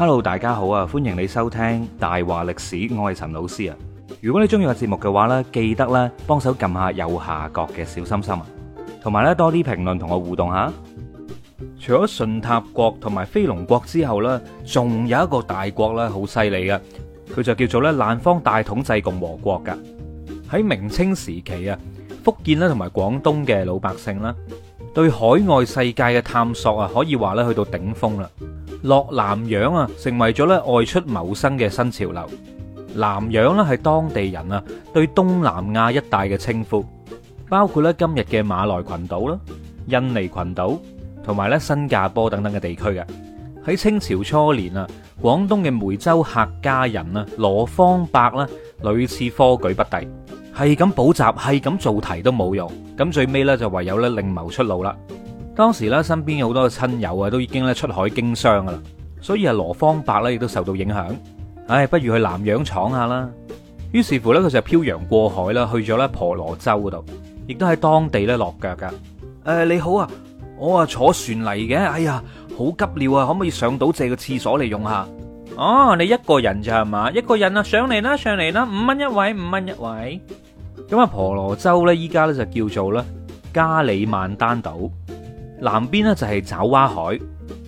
Hello，大家好啊！歡迎你收聽大話歷史，我係陳老師啊。如果你中意個節目嘅話呢，記得咧幫手撳下右下角嘅小心心啊，同埋多啲評論同我互動下。除咗順塔國同埋飛龍國之後呢，仲有一個大國呢，好犀利嘅，佢就叫做蘭芳大統制共和國噶。喺明清時期啊，福建啦同埋廣東嘅老百姓啦，對海外世界嘅探索啊，可以話去到頂峰啦。落南洋啊，成為咗咧外出謀生嘅新潮流。南洋咧係當地人啊對東南亞一帶嘅稱呼，包括咧今日嘅馬來群島啦、印尼群島同埋咧新加坡等等嘅地區嘅。喺清朝初年啊，廣東嘅梅州客家人啊，羅芳伯啦屢次科舉不第，係咁補習，係咁做題都冇用，咁最尾咧就唯有咧另謀出路啦。當時咧，身邊有好多親友啊，都已經咧出海經商噶啦，所以阿羅芳伯咧亦都受到影響。唉，不如去南洋闖下啦。於是乎咧，佢就漂洋過海啦，去咗咧婆羅洲度，亦都喺當地咧落腳噶。誒、呃，你好啊，我啊坐船嚟嘅。哎呀，好急尿啊，可唔可以上到借個廁所嚟用下？哦，你一個人咋係嘛？一個人啊，上嚟啦，上嚟啦，五蚊一位，五蚊一位。咁阿婆羅洲咧，依家咧就叫做咧加里曼丹島。南邊呢就係爪哇海，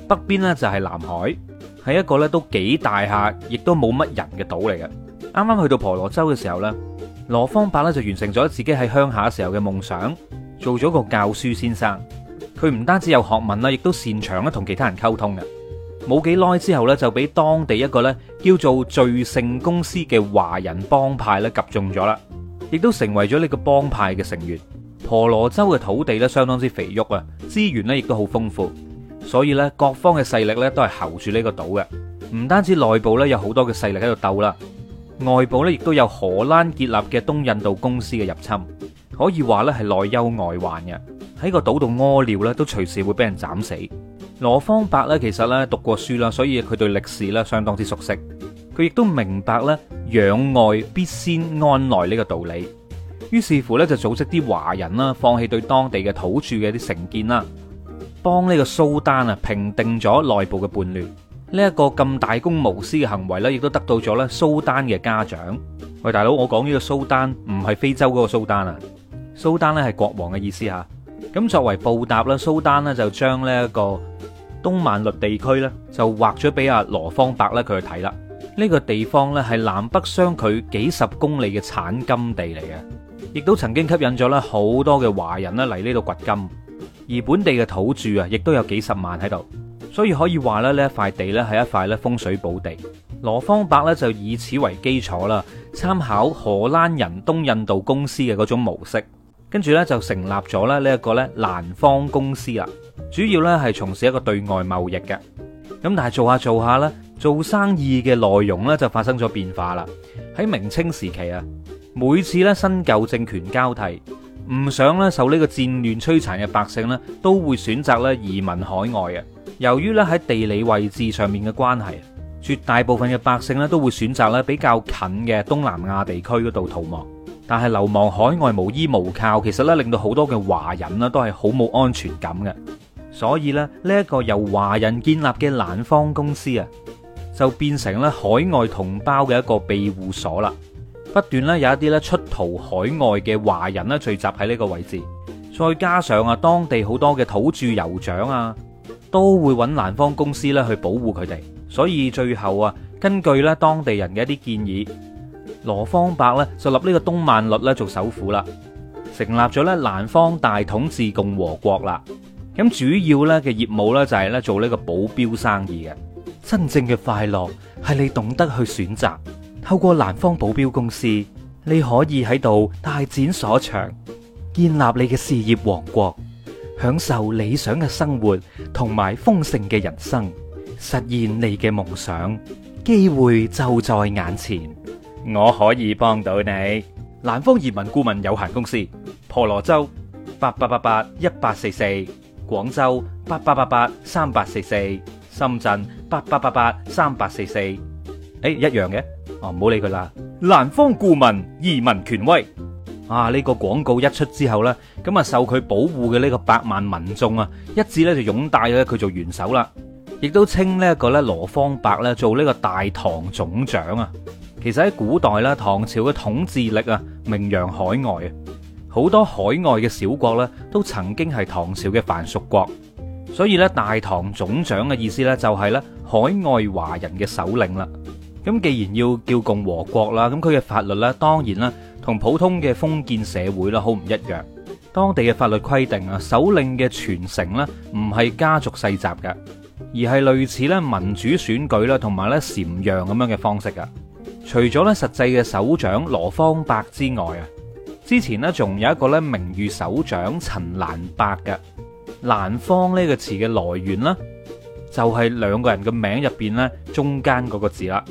北邊呢就係南海，係一個咧都幾大下，亦都冇乜人嘅島嚟嘅。啱啱去到婆羅洲嘅時候呢，羅芳伯咧就完成咗自己喺鄉下嘅時候嘅夢想，做咗個教書先生。佢唔單止有學問啦，亦都擅長咧同其他人溝通嘅。冇幾耐之後呢，就俾當地一個咧叫做聚盛公司嘅華人幫派咧及中咗啦，亦都成為咗呢個幫派嘅成員。婆羅洲嘅土地咧相當之肥沃啊，資源咧亦都好豐富，所以咧各方嘅勢力咧都係猴住呢個島嘅，唔單止內部咧有好多嘅勢力喺度鬥啦，外部咧亦都有荷蘭建立嘅東印度公司嘅入侵，可以話咧係內憂外患嘅，喺個島度屙尿咧都隨時會俾人斬死。羅芳伯咧其實咧讀過書啦，所以佢對歷史咧相當之熟悉，佢亦都明白咧攘外必先安內呢個道理。於是乎咧，就組織啲華人啦，放棄對當地嘅土著嘅啲成見啦，幫呢個蘇丹啊平定咗內部嘅叛亂。呢一個咁大公無私嘅行為咧，亦都得到咗咧蘇丹嘅嘉獎。喂，大佬，我講呢個蘇丹唔係非洲嗰個蘇丹啊，蘇丹咧係國王嘅意思吓。咁作為報答啦，蘇丹呢就將呢一個東萬律地區咧就劃咗俾阿羅芳伯咧佢去睇啦。呢個地方咧係南北相距幾十公里嘅產金地嚟嘅。亦都曾經吸引咗咧好多嘅華人咧嚟呢度掘金，而本地嘅土著啊，亦都有幾十萬喺度，所以可以話咧呢一塊地咧係一塊咧風水寶地。羅芳伯咧就以此為基礎啦，參考荷蘭人東印度公司嘅嗰種模式，跟住咧就成立咗咧呢一個咧蘭芳公司啊，主要咧係從事一個對外貿易嘅。咁但係做下做下咧，做生意嘅內容咧就發生咗變化啦。喺明清時期啊。每次咧新舊政權交替，唔想咧受呢個戰亂摧殘嘅百姓咧都會選擇咧移民海外啊。由於咧喺地理位置上面嘅關係，絕大部分嘅百姓咧都會選擇咧比較近嘅東南亞地區嗰度逃亡。但係流亡海外無依無靠，其實咧令到好多嘅華人咧都係好冇安全感嘅。所以咧呢一個由華人建立嘅蘭芳公司啊，就變成咧海外同胞嘅一個庇護所啦。不斷咧有一啲咧出逃海外嘅華人咧聚集喺呢個位置，再加上啊當地好多嘅土著酋長啊，都會揾蘭芳公司咧去保護佢哋。所以最後啊，根據咧當地人嘅一啲建議，羅芳伯咧就立呢個東萬律咧做首府啦，成立咗咧蘭芳大統制共和國啦。咁主要咧嘅業務咧就係咧做呢個保鏢生意嘅。真正嘅快樂係你懂得去選擇。透過南方保鏢公司，你可以喺度大展所長，建立你嘅事業王國，享受理想嘅生活同埋豐盛嘅人生，實現你嘅夢想。機會就在眼前，我可以幫到你。南方移民顧問有限公司，婆羅洲八八八八一八四四，廣州八八八八三八四四，深圳八八八八三八四四，誒、哎，一樣嘅。唔好理佢啦！南方顧民、移民權威啊！呢個廣告一出之後呢，咁啊受佢保護嘅呢個百萬民眾啊，一致呢就擁戴咗佢做元首啦，亦都稱呢一個咧羅芳伯咧做呢個大唐總長啊。其實喺古代啦，唐朝嘅統治力啊，名揚海外啊，好多海外嘅小國咧都曾經係唐朝嘅藩屬國，所以呢，大唐總長嘅意思呢，就係咧海外華人嘅首領啦。咁既然要叫共和國啦，咁佢嘅法律咧當然啦，同普通嘅封建社會啦好唔一樣。當地嘅法律規定啊，首領嘅傳承呢，唔係家族世襲嘅，而係類似咧民主選舉啦，同埋咧禪讓咁樣嘅方式嘅。除咗咧實際嘅首長羅芳伯之外啊，之前呢仲有一個咧名譽首長陳蘭伯嘅。蘭芳呢個詞嘅來源啦，就係兩個人嘅名字入邊咧中間嗰個字啦。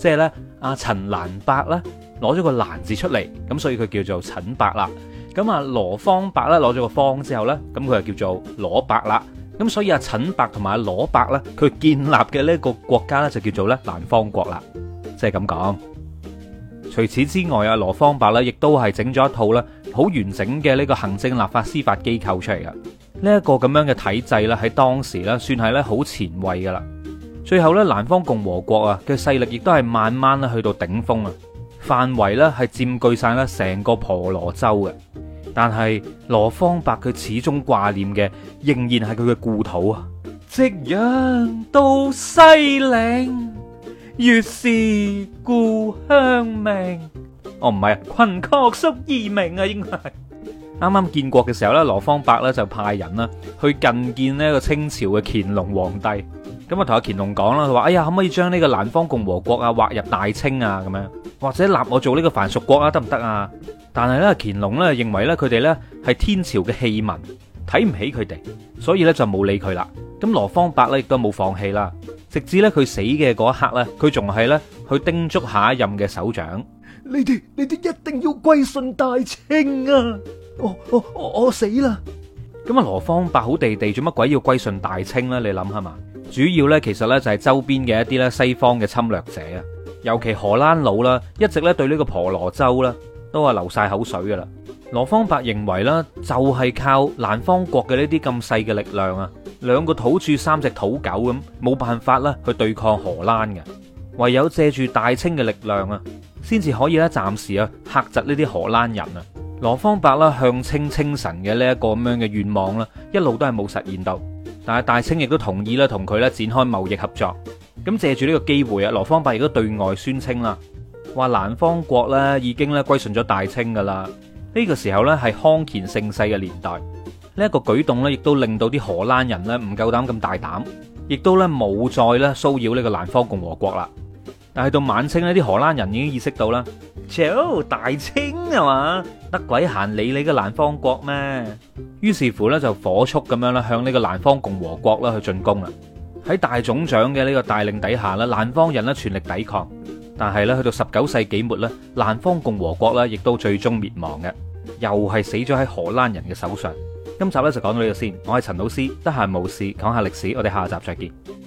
即係咧，阿陳蘭伯咧攞咗個蘭字出嚟，咁所以佢叫做陳伯啦。咁啊，羅芳伯咧攞咗個芳之後咧，咁佢就叫做羅伯啦。咁所以阿陳伯同埋阿羅伯咧，佢建立嘅呢一個國家咧就叫做咧蘭芳國啦。即係咁講。除此之外，阿羅芳伯咧亦都係整咗一套咧好完整嘅呢個行政、立法、司法機構出嚟嘅。呢、這、一個咁樣嘅體制咧喺當時咧算係咧好前衛噶啦。最後咧，南方共和國啊嘅勢力亦都係慢慢咧去到頂峰啊，範圍咧係佔據晒咧成個婆羅洲嘅。但係羅芳伯佢始終掛念嘅，仍然係佢嘅故土啊。夕陽度西嶺，月是故鄉明。哦，唔係，啊，群壑倏已暝啊，應該係。啱啱建國嘅時候呢，羅芳伯呢就派人啦，去覲見呢個清朝嘅乾隆皇帝，咁啊同阿乾隆講啦，佢話，哎呀，可唔可以將呢個南方共和國啊劃入大清啊，咁樣或者納我做呢個藩屬國啊得唔得啊？但係呢乾隆呢認為呢佢哋呢係天朝嘅棄民，睇唔起佢哋，所以呢就冇理佢啦。咁羅芳伯呢亦都冇放棄啦，直至呢佢死嘅嗰一刻呢，佢仲係呢去叮囑下一任嘅首長，你哋你哋一定要歸順大清啊！我我我，我死啦！咁啊，羅芳伯好地地，做乜鬼要歸順大清呢？你諗下嘛？主要呢，其實呢，就係周邊嘅一啲咧西方嘅侵略者啊，尤其荷蘭佬啦，一直呢對呢個婆羅洲啦都係流晒口水噶啦。羅芳伯認為啦，就係靠南方國嘅呢啲咁細嘅力量啊，兩個土著三隻土狗咁，冇辦法啦去對抗荷蘭嘅，唯有借住大清嘅力量啊，先至可以咧暫時啊吓窒呢啲荷蘭人啊！羅芳伯啦，向清稱臣嘅呢一個咁樣嘅願望啦，一路都係冇實現到。但係大清亦都同意啦，同佢咧展開貿易合作。咁借住呢個機會啊，羅芳伯亦都對外宣稱啦，話蘭芳國咧已經咧歸順咗大清噶啦。呢個時候咧係康乾盛世嘅年代，呢一個舉動咧亦都令到啲荷蘭人咧唔夠膽咁大膽，亦都咧冇再咧騷擾呢個蘭芳共和國啦。但係到晚清呢啲荷蘭人已經意識到啦。大清係嘛，得鬼閒理你個南方國咩？於是乎呢就火速咁樣向呢個南方共和國啦去進攻啦。喺大總長嘅呢個帶領底下，南方人全力抵抗。但係咧，去到十九世紀末，南方共和國亦都最終滅亡嘅，又係死咗喺荷蘭人嘅手上。今集呢，就講到呢度先，我係陳老師，得閒無事講下歷史，我哋下集再見。